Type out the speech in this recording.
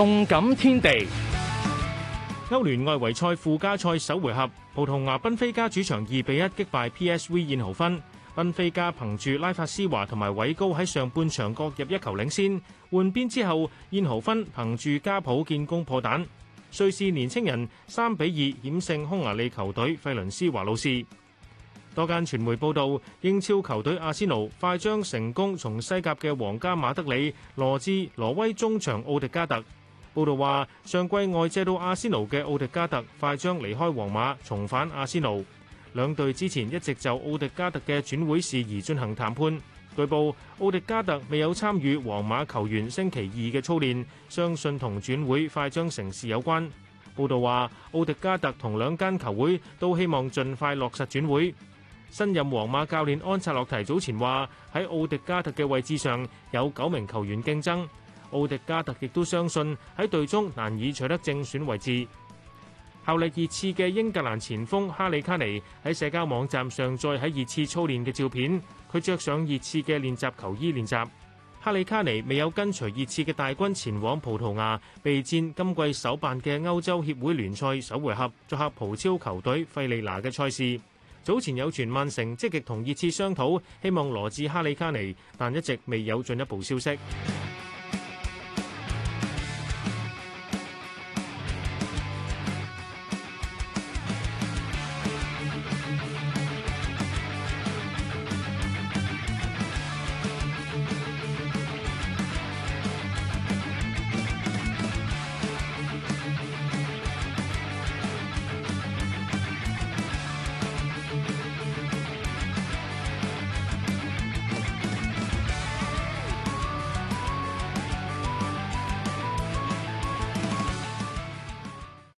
動感天地，歐聯外圍賽附加賽首回合，葡萄牙賓菲加主場二比一擊敗 PSV 燕豪芬。賓菲加憑住拉法施華同埋韋高喺上半場各入一球領先，換邊之後燕豪芬憑住加普建功破蛋。瑞士年青人三比二險勝匈牙利球隊費倫斯華路士。多間傳媒報道，英超球隊阿仙奴快將成功從西甲嘅皇家馬德里羅致挪威中場奧迪加特。報道話，上季外借到阿仙奴嘅奧迪加特快將離開皇馬，重返阿仙奴。兩隊之前一直就奧迪加特嘅轉會事宜進行談判。據報奧迪加特未有參與皇馬球員星期二嘅操練，相信同轉會快將成事有關。報道話，奧迪加特同兩間球會都希望盡快落實轉會。新任皇馬教練安察洛提早前話，喺奧迪加特嘅位置上有九名球員競爭。奧迪加特亦都相信喺隊中難以取得正選位置。效力熱刺嘅英格蘭前鋒哈里卡尼喺社交網站上載喺熱刺操練嘅照片，佢着上熱刺嘅練習球衣練習。哈里卡尼未有跟隨熱刺嘅大軍前往葡萄牙備戰今季首辦嘅歐洲協會聯賽首回合，作客葡超球隊費利拿嘅賽事。早前有傳曼城積極同熱刺商討，希望羅致哈里卡尼，但一直未有進一步消息。